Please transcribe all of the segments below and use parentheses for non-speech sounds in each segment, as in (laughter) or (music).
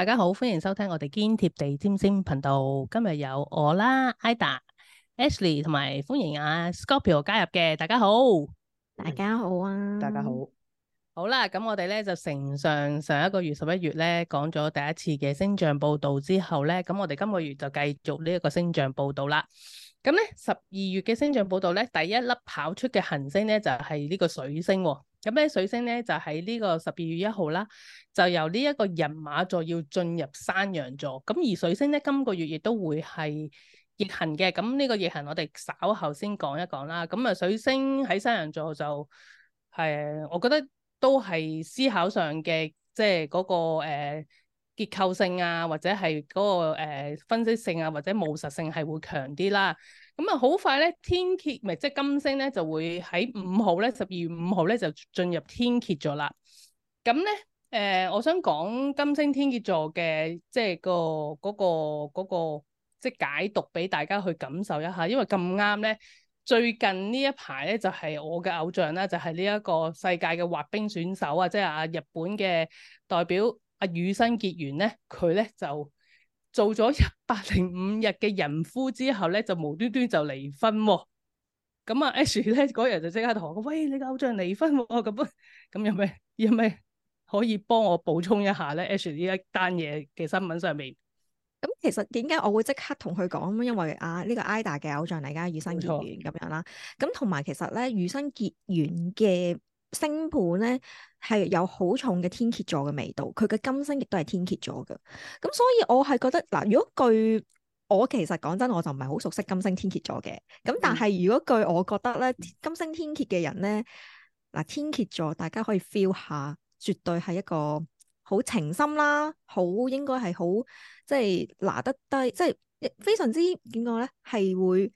大家好，歡迎收聽我哋堅貼地占星頻道。今日有我啦，Ida、da, Ashley 同埋歡迎阿 Scorpio 加入嘅。大家好，大家好啊，嗯、大家好，好啦，咁我哋咧就承上上一個月十一月咧講咗第一次嘅星象報道之後咧，咁我哋今個月就繼續呢一個星象報道啦。咁咧十二月嘅星象報道咧，第一粒跑出嘅行星咧就係、是、呢個水星、哦。咁咧水星咧，就喺呢個十二月一號啦，就由呢一個人馬座要進入山羊座。咁而水星咧，今個月亦都會係逆行嘅。咁呢個逆行我哋稍後先講一講啦。咁啊，水星喺山羊座就，誒，我覺得都係思考上嘅，即係嗰個誒。呃結構性啊，或者係嗰、嗰個、呃、分析性啊，或者務實性係會強啲啦。咁啊，好快咧，天蠍咪即係金星咧，就會喺五號咧，十二月五號咧就進入天蠍座啦。咁咧誒，我想講金星天蠍座嘅即係、嗰個嗰、嗰個、嗰個、即係解讀俾大家去感受一下，因為咁啱咧，最近呢一排咧就係、係、我嘅偶像啦、啊，就係呢一個世界嘅滑冰選手啊，即係啊日本嘅代表。阿與、啊、生結緣咧，佢咧就做咗一百零五日嘅人夫之後咧，就無端端就離婚喎、哦。咁啊 Ash 咧嗰日就即刻同我講：喂，你個偶像離婚喎、哦。咁咁有咩有咩可以幫我補充一下咧？Ash 呢一單嘢嘅新聞上面？啊」咁其實點解我會即刻同佢講？因為啊，呢個 Ida 嘅偶像嚟㗎，與生結緣咁樣啦。咁同埋其實咧，與生結緣嘅。星盤咧，係有好重嘅天蠍座嘅味道，佢嘅金星亦都係天蠍座㗎，咁所以我係覺得嗱，如果據我其實講真，我就唔係好熟悉金星天蠍座嘅，咁但係如果據我覺得咧，金星天蠍嘅人咧，嗱，天蠍座大家可以 feel 下，絕對係一個好情深啦，好應該係好即係拿得低，即係非常之點講咧，係會。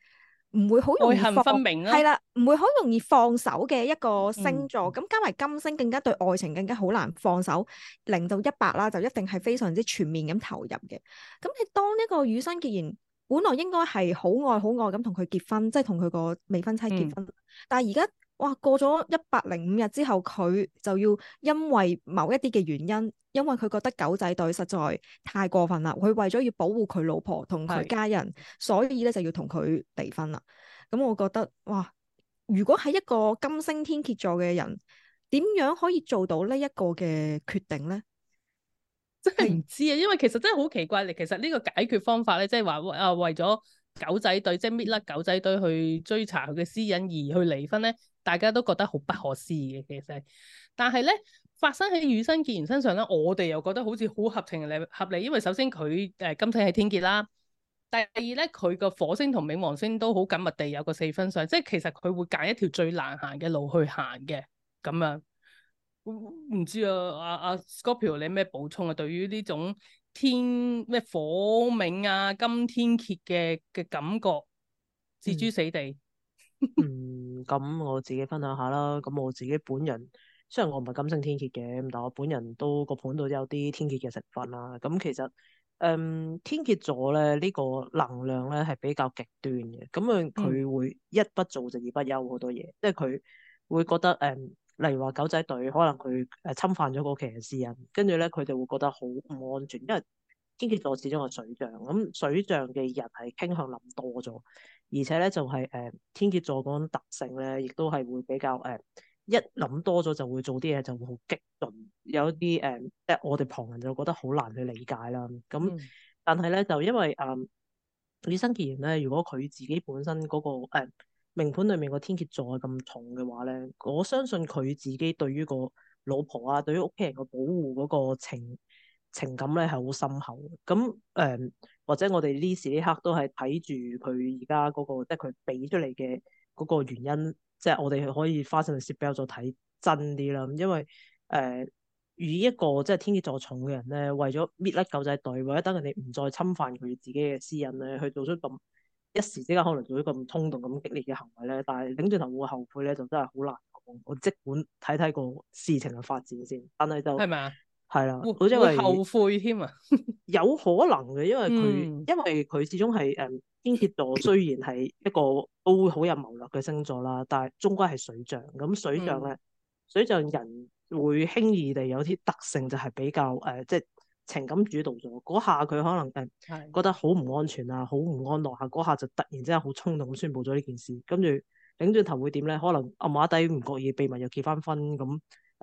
唔會好容易分明啦，啊，係啦，唔會好容易放手嘅一個星座，咁，嗯、加埋金星更加對愛情更加好難放手，零到一百啦，就一定係非常之全面咁投入嘅。咁你當一個與生結緣，本來應該係好愛好愛咁同佢結婚，即係同佢個未婚妻結婚，嗯，但係而家哇過咗一百零五日之後，佢就要因為某一啲嘅原因。因為佢覺得狗仔隊實在太過分啦，佢為咗要保護佢老婆同佢家人，的所以咧就要同佢離婚啦。咁我覺得，哇！如果係一個金星天蠍座嘅人，點樣可以做到呢一個嘅決定咧？真係唔知啊！因為其實真係好奇怪嚟。其實呢個解決方法咧，即係話啊為咗狗仔隊，即係搣甩狗仔隊去追查佢嘅私隱而去離婚咧，大家都覺得好不可思議嘅。其實，但係咧。發生喺與生結然身上咧，我哋又覺得好似好合情理合理，因為首先佢誒、呃、金星係天蠍啦，第二咧佢個火星同冥王星都好緊密地有個四分相，即係其實佢會揀一條最難行嘅路去行嘅咁樣。唔、嗯嗯、知啊，阿、啊、阿 Scorpio 你有咩補充啊？對於呢種天咩火冥啊、金天蠍嘅嘅感覺，置諸死地。 (laughs) 嗯，咁、嗯、我自己分享下啦。咁我自己本人。雖然我唔係金星天蠍嘅，但係我本人都、那個盤度有啲天蠍嘅成分啦、啊。咁其實，嗯，天蠍座咧呢、呢個能量咧係比較極端嘅。咁啊，佢會一不做就二不休，好多嘢，即係佢會覺得，誒、嗯，例如話狗仔隊可能佢誒侵犯咗嗰個騎士人，跟住咧佢哋會覺得好唔安全，因為天蠍座始終係水象，咁、嗯、水象嘅人係傾向諗多咗，而且咧就係、是、誒、嗯、天蠍座嗰種特性咧，亦都係會比較誒。嗯一諗多咗就會做啲嘢，就會好激進，有一啲誒、即、呃、係我哋旁人就覺得好難去理解啦。咁、嗯、但係咧，就因為誒李、呃、生既然咧，如果佢自己本身嗰、那個誒命盤裏面個天蠍座咁重嘅話咧，我相信佢自己對於個老婆啊，對於屋企人個保護嗰個情情感咧係好深厚嘅。咁誒、呃、或者我哋呢時呢刻都係睇住佢而家嗰個，即係佢俾出嚟嘅嗰個原因。即係我哋可以花心思比較做睇真啲啦，因為誒、呃、與一個即係天蠍座重嘅人咧，為咗搣甩狗仔隊，或者等佢哋唔再侵犯佢自己嘅私隱咧，去做出咁一時之間可能做出咁衝動、咁激烈嘅行為咧，但係轉頭會後悔咧，就真係好難講。我即管睇睇個事情嘅發展先，但係就係咪啊？係啦，好即係後悔添啊，以 (laughs) 有可能嘅，因為佢、嗯、因為佢始終係誒天蠍座，雖然係一個都會好有謀略嘅星座啦，但係終歸係水象咁水象咧，嗯嗯、水象人會輕易地有啲特性就係比較誒即係情感主導咗，嗰下佢可能誒、呃、的覺得好唔安全啊，好唔安樂下，嗰下就突然之間好衝動咁宣布咗呢件事，跟住擰轉頭會點咧？可能暗啞底唔覺意秘密又結翻婚咁。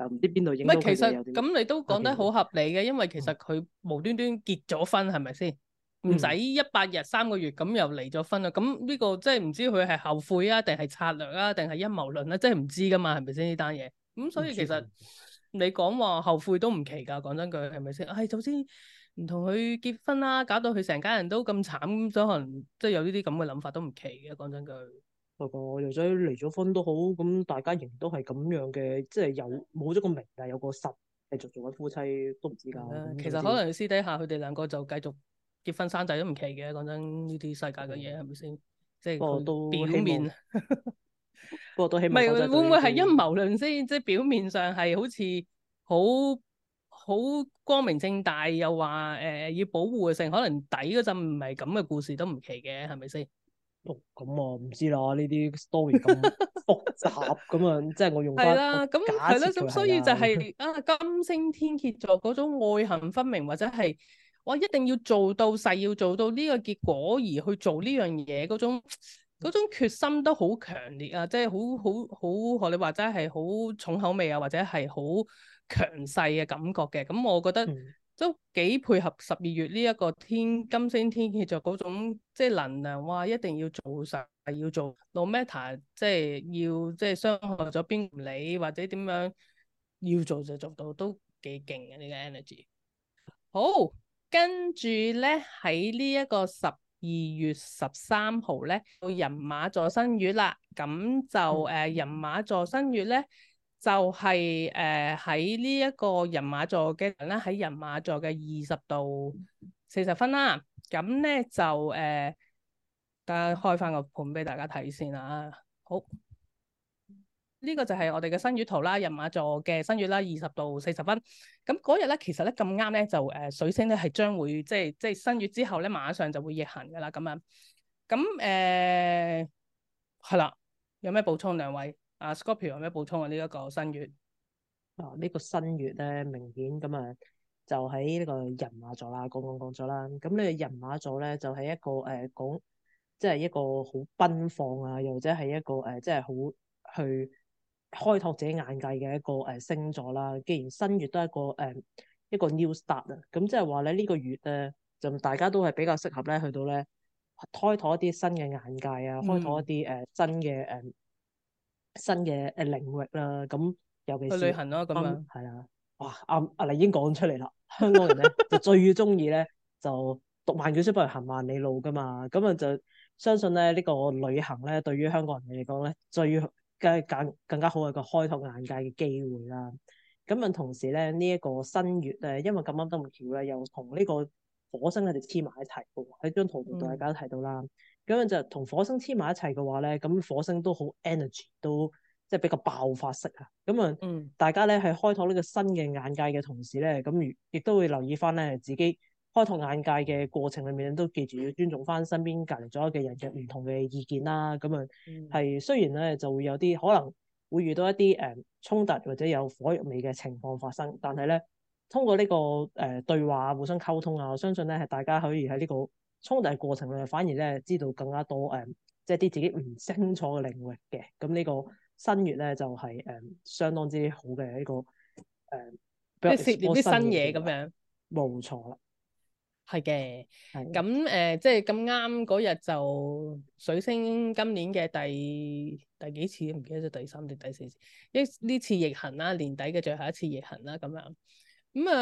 唔知邊度影？唔係，其實咁你都講得好合理嘅，Okay. 因為其實佢無端端結咗婚係咪先？唔使、mm. 一百日三個月咁又離咗婚啦，咁呢、這個即係唔知佢係後悔啊，定係策略啊，定係陰謀論啊，即係唔知噶嘛，係咪先呢單嘢？咁所以其實你講話後悔都唔奇噶，講真句係咪先？唉、哎，首先唔同佢結婚啦、啊，搞到佢成家人都咁慘，所以可能即係有呢啲咁嘅諗法都唔奇嘅，講真句。個又想離咗婚都好，咁大家仍然都係咁樣嘅，即係有冇咗個名，但有個實繼續做緊夫妻都唔止㗎。知其實可能私底下佢哋兩個就繼續結婚生仔都唔奇嘅。講真，呢啲世界嘅嘢係咪先？即係我表面。都表面，不過 (laughs) 都希望咪會唔會係陰謀論先？ (laughs) 即係表面上係好似好好光明正大，又話誒、呃、要保護性，可能底嗰陣唔係咁嘅故事都唔奇嘅，係咪先？咁啊，哦，唔知啦，呢啲 story 咁複雜，咁啊，即係我用翻係啦，咁係啦，咁 (laughs) (laughs) 所以就係啊金星天蠍座嗰種愛恨分明，或者係我一定要做到，誓要做到呢個結果而去做呢樣嘢，嗰種嗰種決心都好強烈啊，即係好好好，學你話齋係好重口味啊，或者係好強勢嘅感覺嘅，咁我覺得。嗯都幾配合十二月呢一個天金星天蠍座就，就嗰種即係能量，哇！一定要做實，係要做。No matter 即係要即係傷害咗邊唔理，或者點樣要做就做到，都幾勁嘅呢個 energy。好，跟住咧喺呢一個十二月十三號咧，到人馬座新月啦。咁就誒、嗯、人馬座新月咧。就係誒喺呢一個人馬座嘅人咧，喺人馬座嘅二十度四十分啦。咁咧就誒，呃、大家開翻個盤俾大家睇先啦。好，呢、這個就係我哋嘅新月圖啦，人馬座嘅新月啦，二十度四十分。咁嗰日咧，其實咧咁啱咧，就誒、呃、水星咧係將會即係即係新月之後咧，馬上就會逆行噶啦咁樣。咁誒係啦，有咩補充兩位？啊，Scorpio 有咩補充啊？呢、這、一個新月啊，呢個新月咧，明顯咁啊，就喺呢個人馬座啦，講講講咗啦。咁呢個人馬座咧，就係、是、一個誒、呃、講，即係一個好奔放啊，又或者係一個誒、呃，即係好去開拓自己眼界嘅一個誒、呃、星座啦。既然新月都係一個誒、呃、一個 new start 啊，咁即係話咧呢、這個月咧，就大家都係比較適合咧去到咧開拓一啲新嘅眼界啊，開拓一啲誒新嘅誒。嗯新嘅誒領域啦，咁尤其是去旅行咯，咁啊，係啦、嗯，哇，阿阿麗已經講出嚟啦，香港人咧 (laughs) 就最中意咧就讀萬卷書不如行萬里路噶嘛，咁啊就相信咧呢、呢個旅行咧對於香港人嚟講咧最梗係更更加好一個開拓眼界嘅機會啦。咁啊同時咧呢一、呢個新月誒，因為咁啱得咁巧咧，又同呢個火星佢哋黐埋一齊喎，喺張圖度大家都睇到啦。嗯咁樣就同火星黐埋一齊嘅話咧，咁火星都好 energy，都即係比較爆發式啊！咁啊，大家咧係、嗯、開拓呢個新嘅眼界嘅同時咧，咁亦都會留意翻咧自己開拓眼界嘅過程裏面都記住要尊重翻身邊隔籬咗嘅人嘅唔同嘅意見啦。咁啊，係、嗯、雖然咧就會有啲可能會遇到一啲誒衝突或者有火藥味嘅情況發生，但係咧通過呢、這個誒、呃、對話互相溝通啊，我相信咧係大家可以喺呢、這個。衝突嘅過程咧，反而咧知道更加多，誒、嗯，即係啲自己唔清楚嘅領域嘅。咁、嗯、呢、這個新月咧就係、是、誒、嗯、相當之好嘅呢、這個誒，即係涉獵啲新嘢咁樣。冇錯啦，係嘅。咁誒，即係咁啱嗰日就水星今年嘅第第幾次唔記得咗，第三定第四次？呢呢次，次逆行啦，年底嘅最後一次逆行啦，咁樣。咁啊、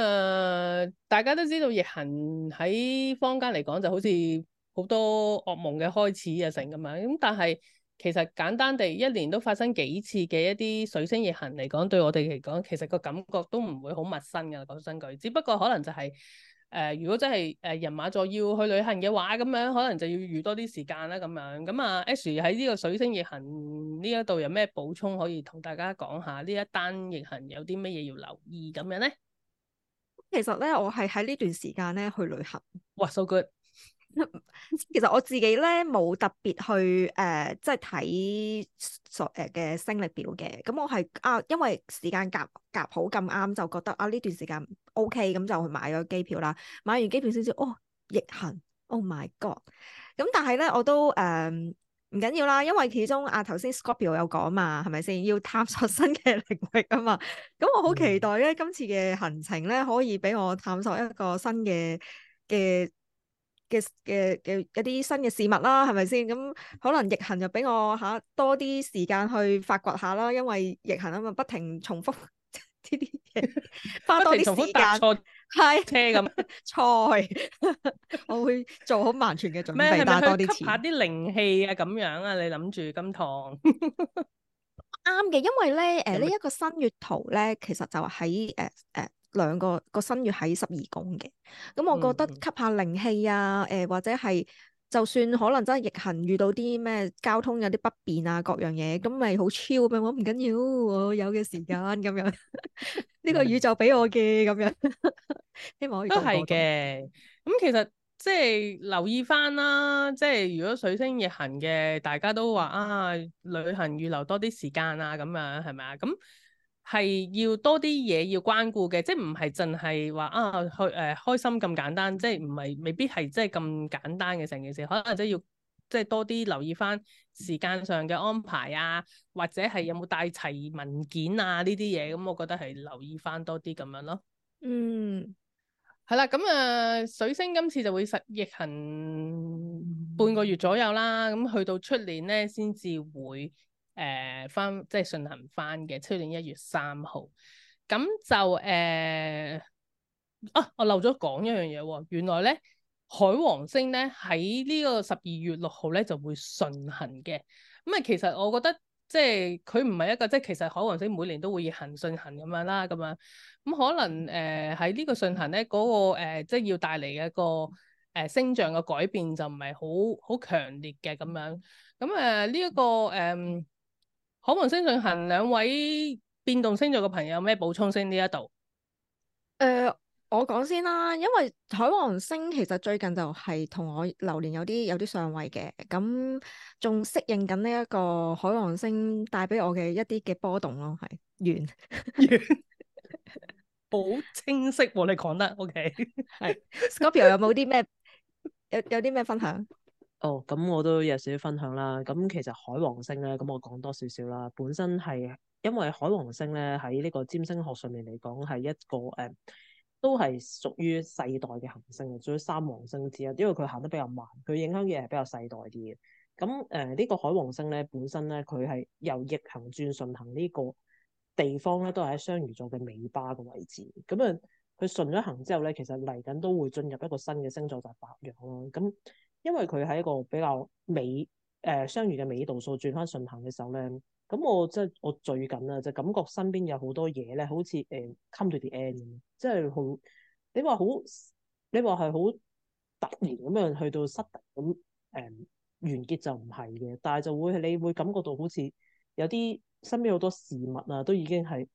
嗯，大家都知道逆行喺坊間嚟講就好似好多噩夢嘅開始啊，成咁樣。咁但係其實簡單地一年都發生幾次嘅一啲水星逆行嚟講，對我哋嚟講，其實個感覺都唔會好陌生噶講真句。只不過可能就係、是、誒、呃，如果真係誒人馬座要去旅行嘅話，咁樣可能就要預多啲時間啦。咁樣咁、嗯、啊，Ash 喺呢個水星逆行呢一度有咩補充可以同大家講下？呢一單逆行有啲乜嘢要留意咁樣咧？其實咧，我係喺呢段時間咧去旅行。哇，so good！ (laughs) 其實我自己咧冇特別去誒、呃，即係睇所誒嘅星曆表嘅。咁我係啊，因為時間夾夾好咁啱，就覺得啊呢段時間 OK，咁就去買咗機票啦。買完機票先知，哦，逆行！Oh my god！咁但係咧，我都誒。嗯唔緊要啦，因為其中啊頭先 Scorpio 有講嘛，係咪先要探索新嘅領域啊嘛？咁我好期待咧，今次嘅行程咧可以俾我探索一個新嘅嘅嘅嘅嘅一啲新嘅事物啦，係咪先？咁可能逆行就俾我吓多啲時間去發掘下啦，因為逆行啊嘛，不停重複呢啲嘢，花多啲時間。係車咁菜， (laughs) 財 (laughs) 我會做好萬全嘅準備，加多啲錢，吸下啲靈氣啊咁樣啊， (laughs) 樣你諗住金堂啱嘅， (laughs) (laughs) 因為咧，誒，呢一，呃這個新月圖咧，其實就喺誒誒兩個個新月喺十二宮嘅，咁我覺得吸下靈氣啊，誒、呃、或者係。就算可能真係逆行遇到啲咩交通有啲不便啊，各樣嘢咁咪好超咁樣？我唔緊要，我有嘅時間咁 (laughs) 樣，呢、呢個宇宙俾我嘅咁樣，希望可以過過都係嘅。咁其實即係留意翻啦，即係如果水星逆行嘅，大家都話啊，旅行預留多啲時間啊，咁樣係咪啊？咁。係要多啲嘢要關顧嘅，即係唔係淨係話啊去誒、啊啊、開心咁簡單，即係唔係未必係即係咁簡單嘅成件事，可能即係要即係多啲留意翻時間上嘅安排啊，或者係有冇帶齊文件啊呢啲嘢，咁、嗯、我覺得係留意翻多啲咁樣咯。嗯，係啦，咁啊、呃、水星今次就會實逆行半個月左右啦，咁去到出年咧先至會。誒、翻、呃、即係順行翻嘅，出年一月三號，咁就誒、呃、啊，我漏咗講一樣嘢喎，原來咧海王星咧喺呢個十二月六號咧就會順行嘅，咁啊，其實我覺得即係佢唔係一個即係，其實海王星每年都會以順順行順行咁樣啦，咁樣，咁可能誒喺、呃、呢、呢個順行咧嗰個誒，即係要帶嚟嘅一個誒、呃、星象嘅改變就唔係好好強烈嘅咁樣，咁啊呢一個誒。呃呃海王星進行兩位變動星座嘅朋友有補，有咩補充先呢一度？誒，我講先啦，因為海王星其實最近就係同我流年有啲有啲上位嘅，咁仲適應緊呢一個海王星帶俾我嘅一啲嘅波動咯，係完完好 (laughs) (laughs) 清晰、哦，你講得 OK，係 (laughs) 是 Scorpio 有冇啲咩有 (laughs) 有啲咩分享？哦，咁、oh, 我都有少少分享啦。咁其實海王星咧，咁我講多少少啦。本身係因為海王星咧喺呢個占星學上面嚟講係一個誒、呃，都係屬於世代嘅行星，屬於三王星之一。因為佢行得比較慢，佢影響嘢係比較世代啲嘅。咁誒，呢、呃這個海王星咧本身咧，佢係由逆行轉順行呢個地方咧，都係喺雙魚座嘅尾巴嘅位置。咁啊，佢順咗行之後咧，其實嚟緊都會進入一個新嘅星座就係、是、白羊咯。咁。因為佢喺一個比較尾誒雙魚嘅尾度數轉翻順行嘅時候咧，咁我即係我最近啊，就感覺身邊有好多嘢咧，好似誒、呃、come to the end，即係好你話好，你話係好突然咁樣去到失突咁誒，完結就唔係嘅，但係就會你會感覺到好似有啲身邊好多事物啊，都已經係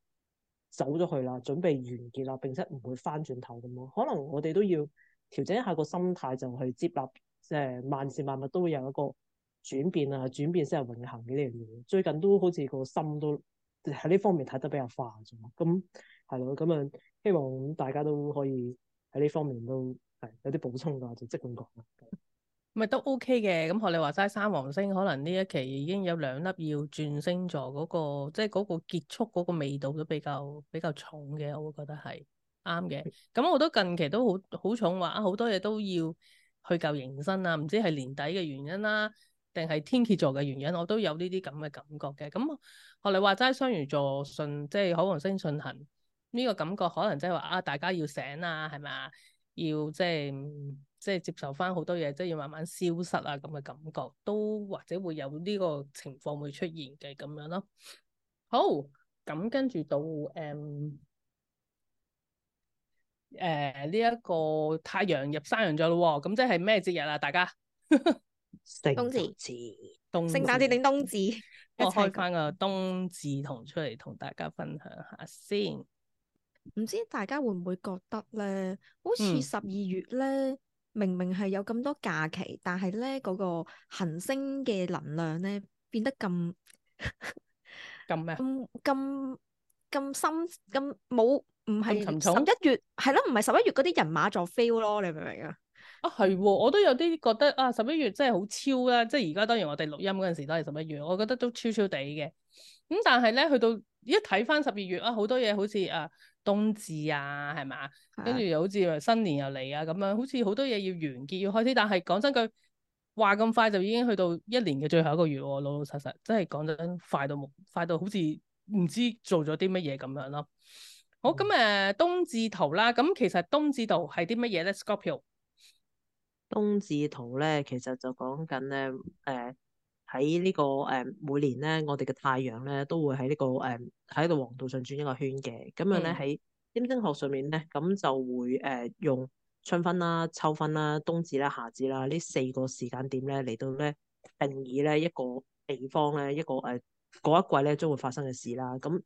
走咗去啦，準備完結啦，並且唔會翻轉頭咁咯。可能我哋都要調整一下個心態，就去接納。即係、就是、萬事萬物都會有一個轉變啊，轉變先係永恒嘅呢樣嘢。最近都好似個心都喺呢方面睇得比較化咗。咁係咯，咁啊，希望大家都可以喺呢方面都係有啲補充㗎，就即管講啦。咪都 OK 嘅。咁學你話齋三王星，可能呢一期已經有兩粒要轉星座嗰、那個，即係嗰個結束嗰個味道都比較比較重嘅。我會覺得係啱嘅。咁我都近期都好好重話啊，好多嘢都要。去舊迎新啊，唔知係年底嘅原因啦、啊，定係天蠍座嘅原因、啊，我都有呢啲咁嘅感覺嘅。咁學你話齋雙魚座順，即係海王星順行，呢、呢個感覺可能即係話啊，大家要醒啊，係咪啊？要即係即係接受翻好多嘢，即係要慢慢消失啊咁嘅感覺，都或者會有呢個情況會出現嘅咁樣咯。好，咁跟住到誒。嗯誒，呢一、呃，這個太陽入山羊座咯，哦，咁即係咩節日啊？大家 (laughs) 冬至、冬至、冬至，冬聖誕節定冬至？我開翻個冬至圖出嚟同大家分享下先。唔知大家會唔會覺得咧，好似十二月咧，嗯、明明係有咁多假期，但係咧嗰個行星嘅能量咧變得咁咁咩？咁咁咁深，咁冇。唔係十一月，係咯，唔係十一月嗰啲人馬座 fail 咯，你明唔明啊？啊係，我都有啲覺得啊，十一月真係好超啦，即係而家當然我哋錄音嗰陣時都係十一月，我覺得都超超地嘅。咁、嗯、但係咧，去到一睇翻十二月啊，多好多嘢好似啊冬至啊，係咪，跟住的又好似新年又嚟啊，咁樣好似好多嘢要完結要開始，但係講真句話咁快就已經去到一年嘅最後一個月，啊，老老實實真係講真，快到冇快到好似唔知做咗啲乜嘢咁樣咯。好咁誒，冬至圖啦，咁其實冬至圖係啲乜嘢咧？Scorpio，冬至圖咧，其實就講緊咧，誒喺呢個誒、呃、每年咧，我哋嘅太陽咧都會喺呢、這個誒喺度黃道上轉一個圈嘅。咁樣咧喺天文學上面咧，咁就會誒、呃、用春分啦、秋分啦、冬至啦、夏至啦呢四個時間點咧嚟到咧定義咧一個地方咧一個誒嗰一、呃呃、一季咧將會發生嘅事啦。咁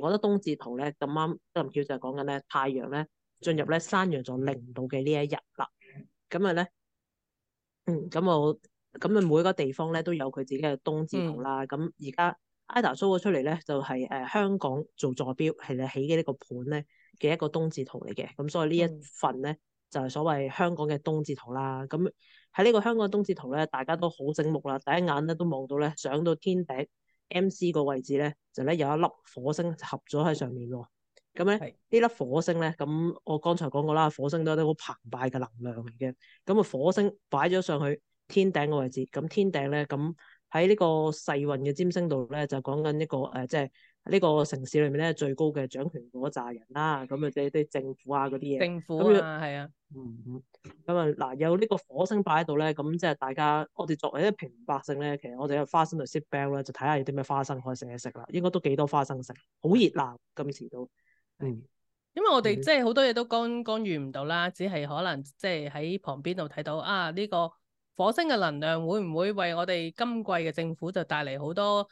我覺得冬至圖咧咁啱，林曉就係講緊咧太陽咧進入咧山羊座零度嘅呢、嗯、一日啦。咁啊咧，咁我咁啊每個地方咧都有佢自己嘅冬至圖啦。咁而家 IDA show 咗出嚟咧就係誒香港做座標係咧起嘅呢個盤咧嘅一個冬至圖嚟嘅。咁所以呢一份咧就係、是、所謂香港嘅冬至圖啦。咁喺呢個香港冬至圖咧，大家都好醒目啦。第一眼咧都望到咧上到天頂。MC 個位置咧就咧有一粒火星合咗喺上面喎，咁咧呢是粒火星咧，咁我剛才講過啦，火星都係啲好澎湃嘅能量嚟嘅，咁啊火星擺咗上去天頂個位置，咁天頂咧咁喺呢個世運嘅尖星度咧就講緊一個誒、呃、即係。呢個城市裏面咧最高嘅掌權嗰扎人啦，咁啊即係啲政府啊嗰啲嘢，政府啊，係啊，嗯，咁啊嗱，有呢個火星擺喺度咧，咁即係大家我哋作為一啲平民百姓咧，其實我哋有花生嚟食餅咧，就睇下有啲咩花生可以食嘢食啦，應該都幾多花生食，好熱鬧今時都，嗯，因為我哋即係好多嘢都干干預唔到啦，只係可能即係喺旁邊度睇到啊，呢個火星嘅能量會唔會為我哋今季嘅政府就帶嚟好多？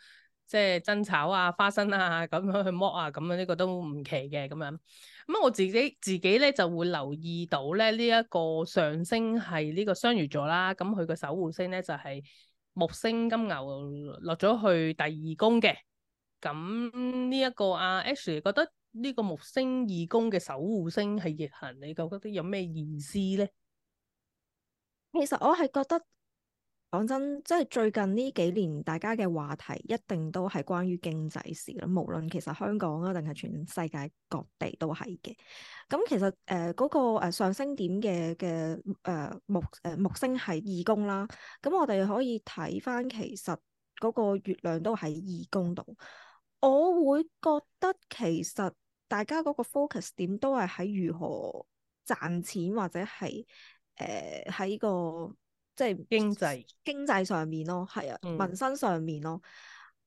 即係爭吵啊、花生啊咁樣去剝啊，咁樣呢個都唔奇嘅咁樣。咁我自己自己咧就會留意到咧呢一個上升係呢個雙魚座啦。咁佢個守護星咧就係木星金牛落咗去第二宮嘅。咁呢一個啊 Ashley 覺得呢個木星二宮嘅守護星係逆行，你覺得有咩意思咧？其實我係覺得。講真，即係最近呢幾年，大家嘅話題一定都係關於經濟事咯。無論其實香港啦，定係全世界各地都係嘅。咁其實誒嗰、呃那個誒、呃、上升點嘅嘅誒木誒、呃、木星係二宮啦。咁我哋可以睇翻，其實嗰個月亮都喺二宮度。我會覺得其實大家嗰個 focus 點都係喺如何賺錢或者係誒喺個。即係經濟經濟上面咯，係啊，嗯、民生上面咯。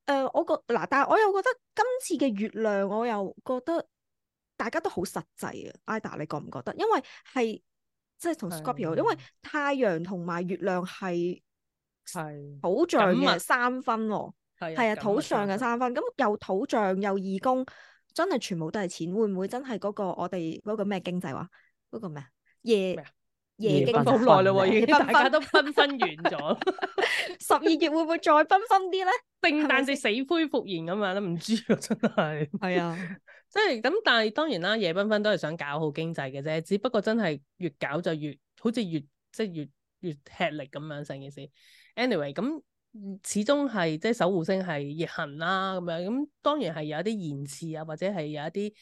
誒、呃，我覺嗱，但係我又覺得今次嘅月亮，我又覺得大家都好實際啊。Ida，你覺唔覺得？因為係即係同 Scorpio，因為太陽同埋月亮係係土象嘅三分，係係啊，土象嘅三分。咁又土象又義工，真係全部都係錢。會唔會真係嗰個我哋嗰、嗰個咩經濟話嗰、嗰個咩夜？Yeah. 夜繽紛好耐啦，已經大家都繽紛完咗。十二 (laughs) 月會唔會再繽紛啲咧？聖誕節死灰復燃啊嘛，都唔知啊，真係。係啊 (laughs) 的，即係咁，但係當然啦，夜繽紛都係想搞好經濟嘅啫，只不過真係越搞就越好似越即係越越，越吃力咁樣成件事。Anyway，咁始終係即係守護星係逆行啦，咁樣咁當然係有一啲延遲啊，或者係有一啲。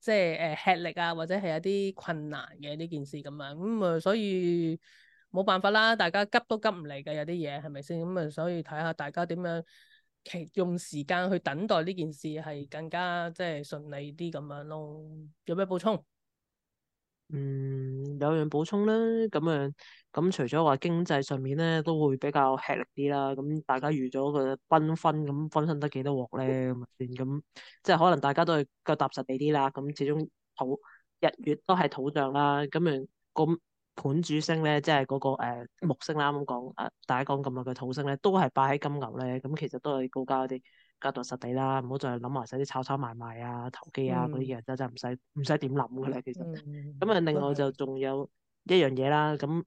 即係誒吃力啊，或者係有啲困難嘅呢件事咁啊，咁、嗯、啊所以冇辦法啦，大家急都急唔嚟嘅，有啲嘢係咪先？咁啊所以睇下大家點樣用時間去等待呢件事係更加即係順利啲咁樣咯，有咩補充？嗯，有樣補充啦，咁樣咁，除咗話經濟上面咧，都會比較吃力啲啦。咁大家預咗佢，繽紛咁分身得幾多鑊咧咁啊算咁，即係可能大家都係夠踏實地啲啦。咁始終土日月都係土象啦。咁樣個盤主星咧，即係嗰個誒木星啦，啱啱講啊，大家講咁耐嘅土星咧，都係擺喺金牛咧。咁其實都係高價啲。腳踏實地啦，唔好再諗埋晒啲炒炒賣賣啊、投機啊嗰啲嘢，嗯、真真唔使唔使點諗嘅咧。其實，咁啊、嗯，嗯、另外就仲有一樣嘢啦。咁誒、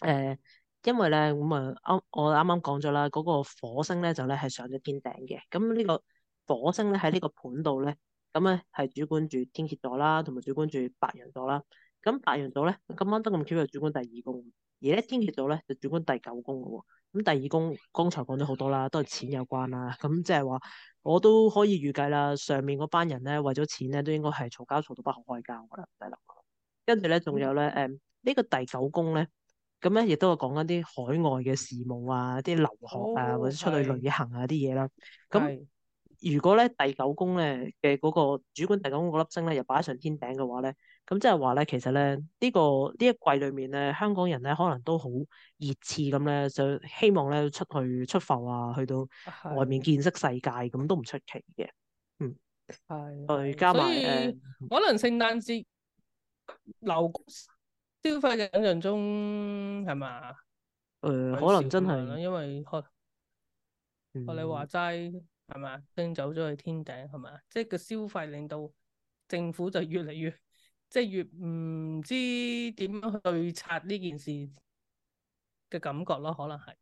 呃，因為咧，咁、嗯、啊，啱我啱啱講咗啦，嗰、那個火星咧就咧、是、係上咗天頂嘅。咁呢個火星咧喺呢個盤度咧，咁啊係主管住天蠍座啦，同埋主管住白羊座啦。咁白羊座咧，咁啱得咁蹺就主管第二宮。而咧天蠍座咧就主管第九宮嘅喎，咁第二宮剛才講咗好多啦，都係錢有關啦，咁即係話我都可以預計啦，上面嗰班人咧為咗錢咧都應該係嘈交嘈到不可開交噶啦，第六，跟住咧仲有咧誒呢、嗯這個第九宮咧，咁咧亦都係講緊啲海外嘅事務啊，啲留學啊、哦、或者出去旅行啊啲嘢的啦，咁的如果咧第九宮咧嘅嗰個主管第九宮嗰粒星咧又擺上天頂嘅話咧。咁即係話咧，其實咧呢、這個呢一季裏面咧，香港人咧可能都好熱刺咁咧，就希望咧出去出埠啊，去到外面見識世界咁的都唔出奇嘅。嗯，係的。對，加埋誒，以 uh, 可能聖誕節留消費嘅印象中係嘛？誒、呃呃，可能真係，因為可能你話齋係嘛，升走咗去天頂係嘛，即係個消費令到政府就越嚟越。 (laughs) 即係越唔知點樣去拆呢件事嘅感覺咯，可能係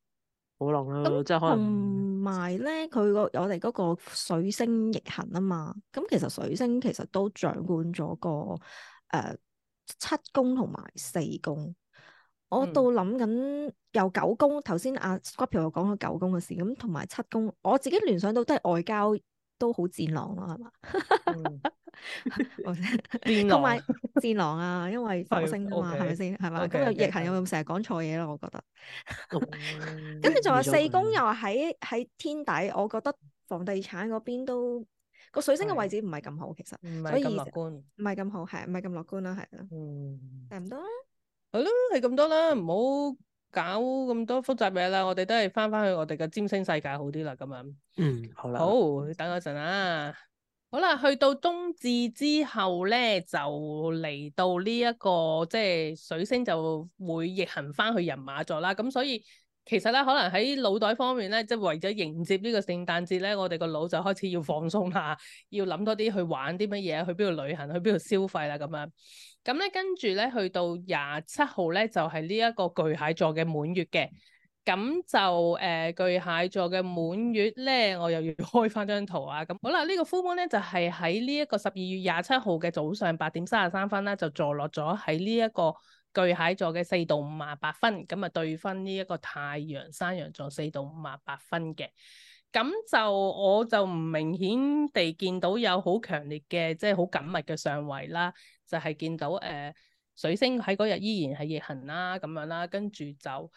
好能啦，那即係可能。同埋咧，佢個我哋嗰個水星逆行啊嘛，咁其實水星其實都掌管咗個誒、呃、七宮同埋四宮。我到諗緊有九宮，頭先阿 Scropio 又講咗九宮嘅事，咁同埋七宮，我自己聯想到都係外交都好戰狼咯，係嘛？ (laughs) 嗯同埋 (laughs) 戰,狼 (laughs) 戰狼啊，因為火星啊嘛，係咪先？係嘛吧？咁又逆行又成日講錯嘢啦，我覺得。咁你仲話四宮有，又喺喺天底，我覺得房地產嗰邊都個水星嘅位置唔係咁好，對其實。唔係咁樂觀，唔係咁好，係唔係咁樂觀啦？係啦。嗯。係唔多,、就是、多？係咯，係咁多啦，唔好搞咁多複雜嘢啦。我哋都係返返去我哋嘅占星世界好啲啦。咁樣。嗯，好啦。好，你等我一陣啊。好啦，去到冬至之後咧，就嚟到呢一個，即係水星就會逆行翻去人馬座啦。咁所以其實咧，可能喺腦袋方面咧，即係為咗迎接呢個聖誕節咧，我哋個腦就開始要放鬆下，要諗多啲去玩啲乜嘢，去邊度旅行，去邊度消費啦咁樣。咁咧跟住咧，去到廿七號咧，就係呢一個巨蟹座嘅滿月嘅。咁就誒、呃、巨蟹座嘅滿月咧，我又要開翻張圖啊！咁好啦，這個、呢、就是、個呼 u l 咧就係喺呢一個十二月廿七號嘅早上八點三十三分啦，就坐落咗喺呢一個巨蟹座嘅四度五廿八分，咁啊，對分呢一個太陽山羊座四度五廿八分嘅。咁就我就唔明顯地見到有好強烈嘅，即係好緊密嘅上位啦。就係、是、見到誒、呃、水星喺嗰日依然係逆行啦，咁樣啦，跟住就。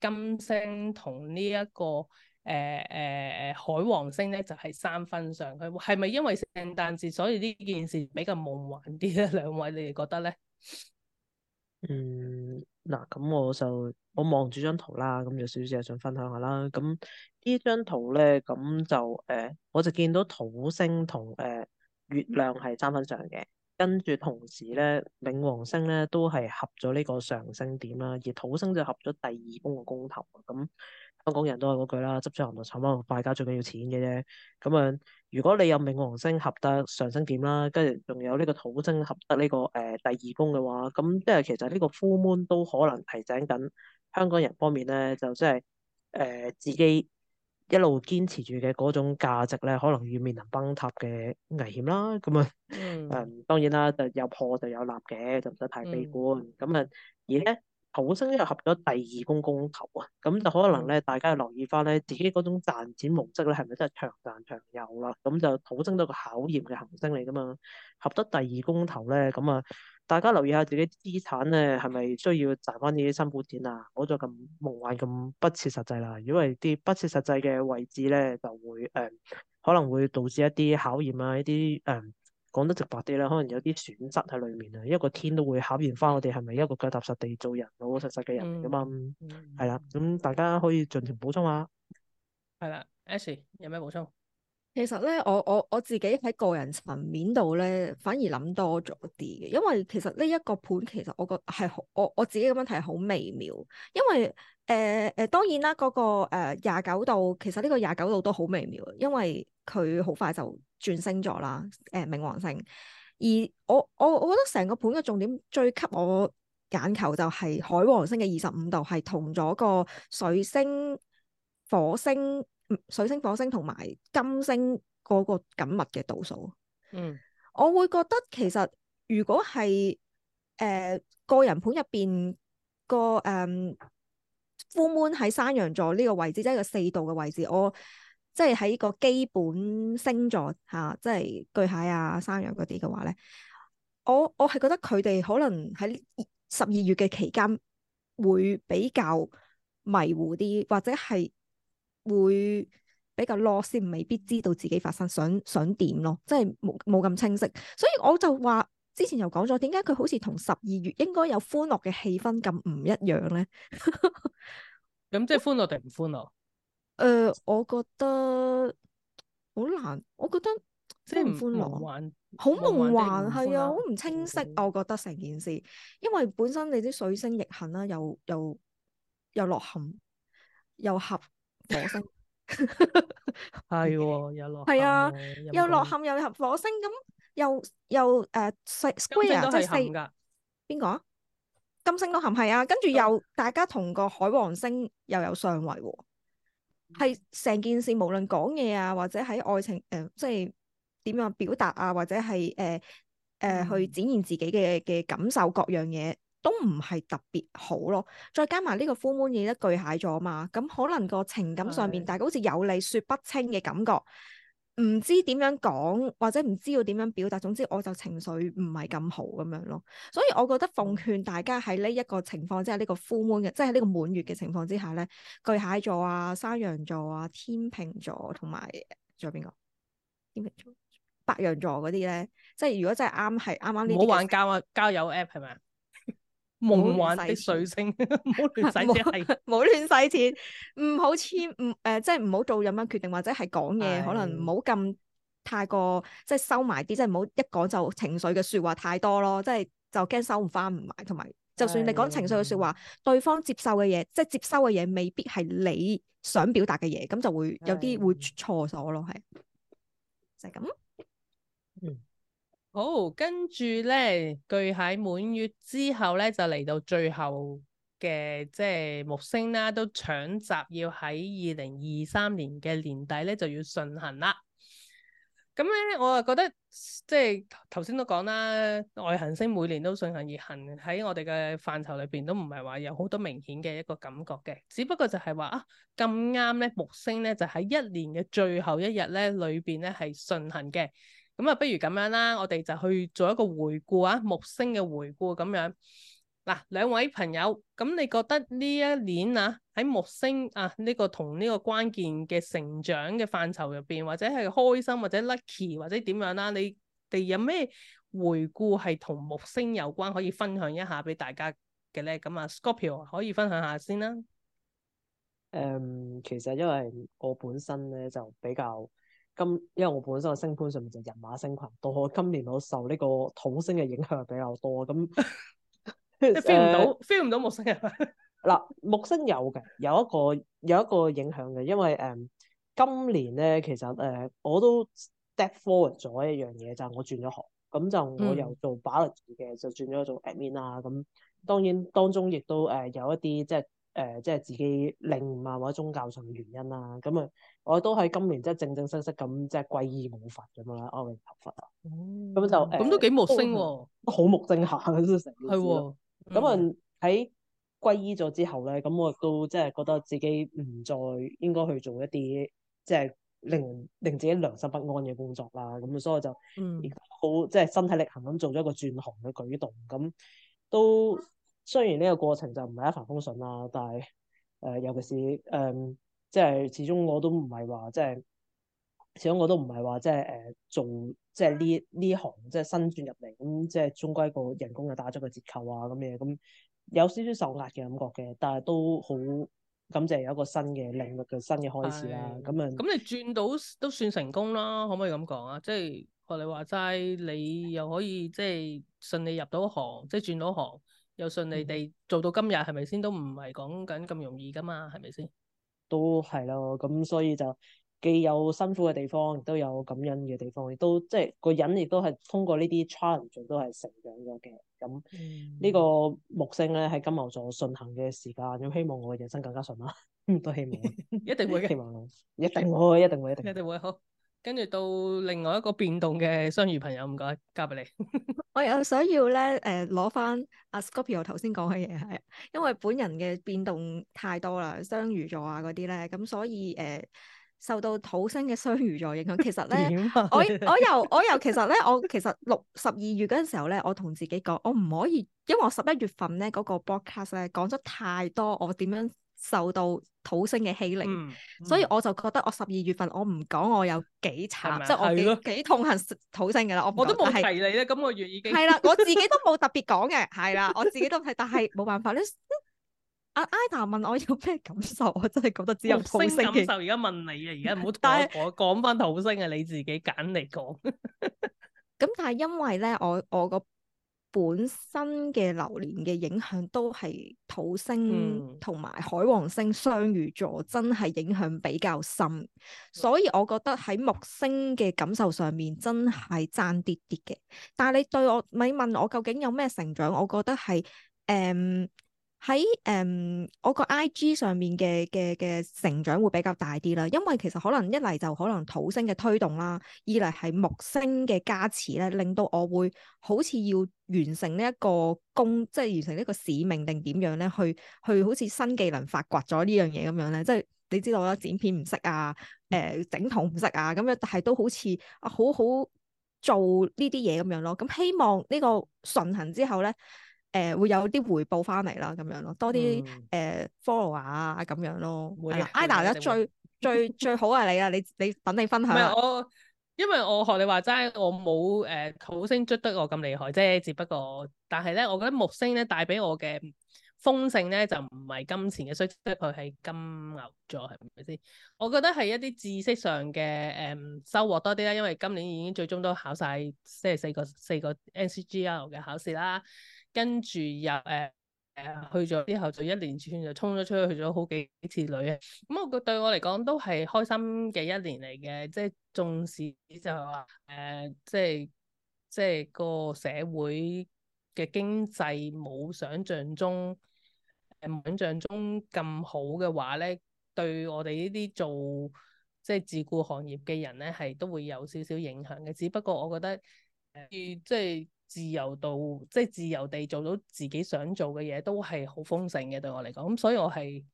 金星同呢一個誒誒、呃呃、海王星咧就係、是、三分上，佢係咪因為聖誕節所以呢件事比較夢幻啲咧？兩位你哋覺得咧？嗯，嗱咁我就我望住張圖啦，咁有少少嘢想分享下啦。咁呢張圖咧，咁就誒、呃，我就見到土星同誒、呃、月亮係三分上嘅。跟住同時咧，冥王星咧都係合咗呢個上升點啦，而土星就合咗第二宮嘅宮頭咁、嗯、香港人都話嗰句啦，執咗行頭，慘過敗家最緊要錢嘅啫。咁、嗯、樣如果你有冥王星合得上升點啦，跟住仲有呢個土星合得呢、這個誒、呃、第二宮嘅話，咁、嗯、即係其實呢個 full moon 都可能提醒緊香港人方面咧，就即係誒自己。一路堅持住嘅嗰種價值咧，可能要面臨崩塌嘅危險啦。咁啊，誒、嗯、當然啦，就有破就有立嘅，就唔使太悲觀。咁啊、嗯，而咧土星又合咗第二宮宮頭啊，咁就可能咧大家要留意翻咧自己嗰種賺錢模式咧係咪真係長賺長長有啦？咁就土星都個考驗嘅行星嚟噶嘛，合得第二宮頭咧，咁啊～大家留意下自己資產咧，係咪需要賺翻自己辛苦錢啊？唔好再咁夢幻、咁不切實際啦。如果係啲不切實際嘅位置咧，就會誒、呃、可能會導致一啲考驗啊，一啲誒講得直白啲咧，可能有啲損失喺裏面啊。一個天都會考驗翻我哋係咪一個腳踏實地做人、老、嗯、老實實嘅人咁啊。係啦，咁、嗯嗯、大家可以盡情補充下。係啦，Ash 有咩補充？嗯嗯嗯其實咧，我我我自己喺個人層面度咧，反而諗多咗啲，嘅，因為其實呢一個盤其實我覺係我我自己咁樣睇係好微妙，因為誒誒、呃，當然啦，嗰、那個誒廿九度，其實呢個廿九度都好微妙，因為佢好快就轉升咗啦，誒、呃、冥王星，而我我我覺得成個盤嘅重點最吸我眼球就係海王星嘅二十五度係同咗個水星、火星。水星、火星同埋金星嗰個緊密嘅度數，嗯，我會覺得其實如果係誒、呃、個人盤入邊個誒夫摩喺山羊座呢個位置，即、就、係、是、個四度嘅位置，我即係喺個基本星座吓，即、啊、係、就是、巨蟹啊、山羊嗰啲嘅話咧，我我係覺得佢哋可能喺十二月嘅期間會比較迷糊啲，或者係。會比較落先，未必知道自己發生想，想想點咯，即係冇冇咁清晰，所以我就話之前又講咗，點解佢好似同十二月應該有歡樂嘅氣氛咁唔一樣咧？咁即係歡樂定唔歡樂？誒、嗯就是呃，我覺得好難，我覺得即係唔歡樂，好夢幻係啊，好唔清晰我覺得成件事，狹因為本身你啲水星逆行啦，又又又落陷，又合。火星係喎、 (laughs) 哎啊，又落，係、呃、啊，又落陷又合火星咁，又又誒，square 即係邊個？金星都陷係啊，跟住又都大家同個海王星又有相位喎、哦，係成件事無論講嘢啊，或者喺愛情誒、呃，即係點樣表達啊，或者係誒誒去展現自己嘅嘅感受各樣嘢。都唔係特別好咯，再加埋呢個 full moon 巨蟹座嘛，咁可能個情感上面的大家好似有理説不清嘅感覺，唔知點樣講或者唔知要點樣表達，總之我就情緒唔係咁好咁樣咯。所以我覺得奉勸大家喺呢一個情況之下，呢個 full moon 嘅，即係呢個滿月嘅情況之下咧，巨蟹座啊、山羊座啊、天秤座同埋仲有邊個？天秤座、白羊座嗰啲咧，即係如果真係啱係啱啱呢啲，唔好玩交啊交友 app 係咪夢幻的水星，唔好亂使錢，係唔好亂使錢，唔好簽，唔誒， (laughs) 即係唔好做任何決定，或者係講嘢，的可能唔好咁太過，即係收埋啲，即係唔好一講就情緒嘅說話太多咯，即係就驚收唔翻唔埋，同埋就算你講情緒嘅說話，的對方接受嘅嘢，即係接收嘅嘢，未必係你想表達嘅嘢，咁就會有啲會出錯咗咯，係就係咁。好，跟住咧，佢喺滿月之後咧，就嚟到最後嘅即係木星啦，都搶集要喺二零二三年嘅年底咧就要順行啦。咁咧，我就覺得即係頭先都講啦，外行星每年都順行逆行喺我哋嘅範疇裏邊都唔係話有好多明顯嘅一個感覺嘅，只不過就係話啊，咁啱咧木星咧就喺一年嘅最後一日咧裏邊咧係順行嘅。咁啊，不如咁樣啦，我哋就去做一個回顧啊，木星嘅回顧咁樣。嗱，兩位朋友，咁你覺得呢一年啊，喺木星啊呢個同呢個關鍵嘅成長嘅範疇入邊，或者係開心，或者 lucky，或者點樣啦、啊？你哋有咩回顧係同木星有關，可以分享一下俾大家嘅咧？咁啊，Scorpio 可以分享下先啦。誒，um, 其實因為我本身咧就比較。今因為我本身個星盤上面就人馬星群，到我今年我受呢個土星嘅影響比較多，咁即係 feel 唔到 feel 唔到木星啊！嗱， (laughs) 木星有嘅，有一個有一個影響嘅，因為誒、呃、今年咧，其實誒、呃、我都 step forward 咗一樣嘢，就係、是、我轉咗行，咁就我又做 balance 嘅，就轉咗做 admin 啊，咁當然當中亦都誒有一啲即係誒、呃、即係自己領悟啊或者宗教上嘅原因啦，咁啊～、嗯我都喺今年即係正正式式咁即係皈依武佛咁啦，阿榮頭佛，嗯欸，啊，咁就咁都幾木星喎，好木正下咁都成。係喎道，咁啊喺皈依咗之後咧，咁我都即係覺得自己唔再應該去做一啲即係令令自己良心不安嘅工作啦，咁所以我就而家好即係身體力行咁做咗一個轉行嘅舉動，咁都雖然呢個過程就唔係一帆風順啦，但係誒、呃，尤其是誒。嗯即係始終我都唔係話，即係始終我都唔係話，即係誒做即係呢呢行，即係新轉入嚟咁，即係終歸個人工又打咗個折扣啊，咁嘢咁有少少受壓嘅感覺嘅，但係都好感謝有一個新嘅領域嘅新嘅開始啦。咁啊，咁、嗯、你轉到都算成功啦，可唔可以咁講啊？即係學你話齋，你又可以即係順利入到行，即係轉到行，又順利地、嗯、做到今日，係咪先都唔係講緊咁容易噶嘛？係咪先？都係咯，咁所以就既有辛苦嘅地方，亦都有感恩嘅地方，亦都即係個人亦都係通過呢啲 challenge 都係成長咗嘅。咁呢、嗯、個木星咧喺金牛座順行嘅時間，咁希望我嘅人生更加順啦， (laughs) 都希望， (laughs) 一定會嘅，希望一定會，一定會，一定會，一定會好。跟住到另外一個變動嘅雙魚朋友，唔該交俾你。 (laughs) 我又想要咧，誒攞翻阿 Scorpio 頭先講嘅嘢，係、啊啊、因為本人嘅變動太多啦，雙魚座啊嗰啲咧，咁所以誒、呃、受到土星嘅雙魚座影響。其實咧， (laughs) 我又我又我又其實咧，我其實六十二月嗰陣時候咧，我同自己講，我唔可以，因為我十一月份咧嗰、那個 broadcast 咧講咗太多，我點樣？受到土星嘅欺凌，嗯嗯、所以我就覺得我十二月份我唔講我有幾慘，是是即係我幾的痛恨土星噶啦，我我都冇提你啦，是今個月已經係啦， (laughs) 我自己都冇特別講嘅，係啦，我自己都係，但係冇辦法咧。阿 Ida、啊、問我有咩感受，我真係覺得只有土星嘅感受。而家問你啊，而家唔好帶我講翻是土星啊，你自己揀嚟講。咁 (laughs) 但係因為咧，我我個。我我本身嘅流年嘅影響都係土星同埋海王星雙魚座真係影響比較深，所以我覺得喺木星嘅感受上面真係爭啲啲嘅。但係你對我你問我究竟有咩成長？我覺得係誒。嗯喺誒、嗯，我個 I G 上面嘅嘅嘅成長會比較大啲啦，因為其實可能一嚟就可能土星嘅推動啦，二嚟係木星嘅加持咧，令到我會好似要完成呢一個功，即係完成呢個使命定點樣咧，去去好似新技能發掘咗呢樣嘢咁樣咧，即係你知道啦，剪片唔識啊，誒、呃，整圖唔識啊，咁樣，但係都好似啊，好好做呢啲嘢咁樣咯。咁希望呢個順行之後咧。誒、呃、會有啲回報翻嚟啦，咁樣，嗯呃 er 啊、樣咯，多啲誒 follow 下，咁樣咯。會啊 Ida 啊，最最最好係你啊！你你等你分享。唔係我，因為我學你話齋，我冇誒、呃、土星捉得我咁厲害，即係只不過。但係咧，我覺得木星咧帶俾我嘅豐盛咧，就唔係金錢嘅，雖則佢係金牛座，係咪先？我覺得係一啲知識上嘅誒、嗯、收穫多啲啦，因為今年已經最終都考晒即係四個四個，個，個 NCGR 嘅考試啦。跟住入誒誒去咗之後，就一連串就衝咗出去，去咗好幾次旅啊！咁我對我嚟講都係開心嘅一年嚟嘅，即係縱使就係話誒，即係即係、這個社會嘅經濟冇想象中誒、呃，想象中咁好嘅話咧，對我哋呢啲做即係自雇行業嘅人咧，係都會有少少影響嘅。只不過我覺得誒、呃，即係。自由度即係自由地做到自己想做嘅嘢，都係好豐盛嘅對我嚟講。咁所以我係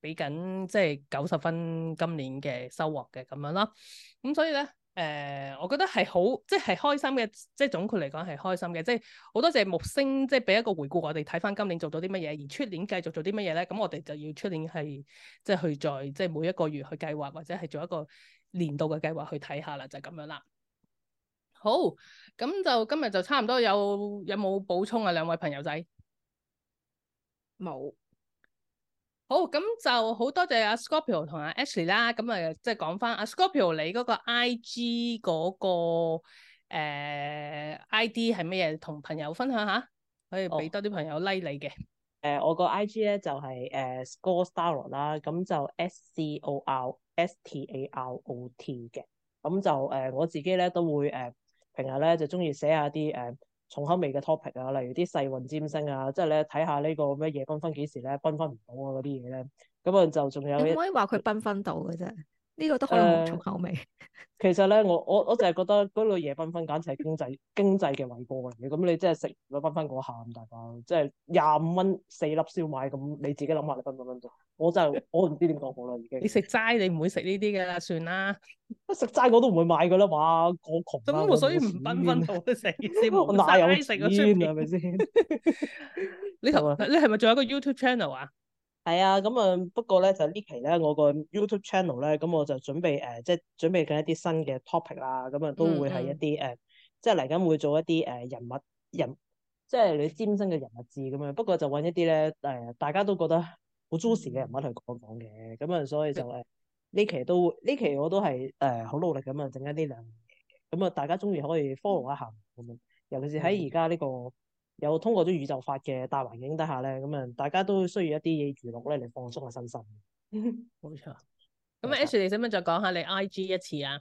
俾緊即係九十分今年嘅收穫嘅咁樣啦。咁所以咧誒、呃，我覺得係好即係開心嘅，即係總括嚟講係開心嘅。即係好多謝木星即係俾一個回顧，我哋睇翻今年做咗啲乜嘢，而出年繼續做啲乜嘢咧。咁我哋就要出年係即係去再即係每一個月去計劃，或者係做一個年度嘅計劃去睇下啦，就係、是、咁樣啦。好咁就今日就差唔多，有有冇補充啊？兩位朋友仔冇有好咁就好多謝阿 Scorpio 同阿 Ashley 啦。咁啊、那個，即係講翻阿 Scorpio，你嗰個 I G 嗰個誒 I D 係咩嘢？同朋友分享下，可以俾多啲朋友 like 你嘅。誒、哦呃，我個 I G 咧就係誒 Scorstarot e 啦，咁、呃、就 S, S C O R S T A R O T 嘅。咁就誒、呃、我自己咧都會誒。呃平日咧就中意寫下啲誒重口味嘅 topic 啊，例如啲世運占星啊，即係咧睇下呢個咩夜繽紛幾時咧繽紛唔到啊，嗰啲嘢咧，咁啊就仲有你唔可以話佢繽紛到嘅啫。呢個都可能重口味、呃。其實咧，我我我就係覺得嗰個夜奔奔簡直係經濟 (laughs) 經濟嘅偉哥嚟嘅。咁你真係食粒奔奔嗰下咁大家，即係廿五蚊四粒燒賣咁，你自己諗下，你奔奔奔到，我真、就、係、是、我唔知點講好啦已經。 (laughs) 食你食齋，你唔會食呢啲嘅啦，算啦。 (laughs) 食齋我都唔會買㗎啦，哇，我窮咁我、 (laughs) 嗯、所以唔奔奔到食，食齋有煙咪先？你頭你係咪仲有個 YouTube channel 啊？係啊，咁啊，不過咧就期呢期咧，我個 YouTube channel 咧，咁我就準備誒、呃，即係準備緊一啲新嘅 topic 啦，咁啊都會係一啲誒、嗯嗯呃，即係嚟緊會做一啲誒、呃、人物人物，即係你尖身嘅人物誌咁樣。不過就揾一啲咧誒，大家都覺得好 juicy 嘅人物去講講嘅，咁啊，所以就誒呢、嗯、期都呢期我都係誒好努力咁啊，整緊呢兩樣嘢。咁啊，大家中意可以 follow 一下咁樣，尤其是喺而家呢個。嗯有通過咗宇宙法嘅大環境底下咧，咁啊，大家都需要一啲嘢娛樂咧嚟放鬆下身心。冇 (laughs) (music) 錯。咁 Ashley 你使唔使再講下你 IG 一次啊？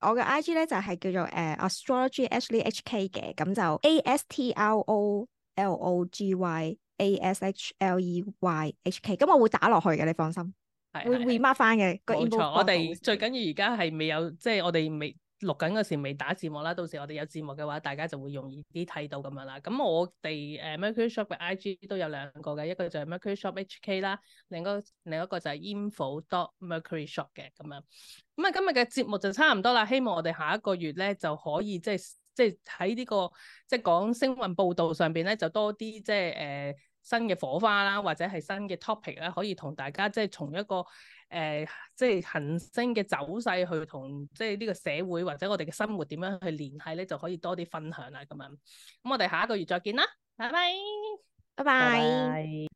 我嘅 IG 咧就係、是、叫做誒 Astrology Ashley HK 嘅，咁就 A S T R O L O G Y A S H L E Y H K，咁我會打落去嘅，你放心。係。會 mark 翻嘅。冇錯。我哋最緊要而家係未有，即、就、係、是、我哋未。錄緊嗰時未打字幕啦，到時我哋有字幕嘅話，大家就會容易啲睇到咁樣啦。咁我哋誒 Mercury Shop 嘅 IG 都有兩個嘅，一個就係 Mercury Shop HK 啦，另一個另一個就係 info.mercuryshop 嘅咁樣。咁啊，今日嘅節目就差唔多啦，希望我哋下一個月咧就可以即係即係喺呢個即係講星象報導上邊咧就多啲即係誒。就是呃新嘅火花啦，或者係新嘅 topic 咧，可以同大家即係從一個誒、呃、即係恒星嘅走勢去同即係呢個社會或者我哋嘅生活點樣去聯繫咧，就可以多啲分享啦。咁樣，咁我哋下一個月再見啦，拜拜，拜拜。Bye bye. Bye bye.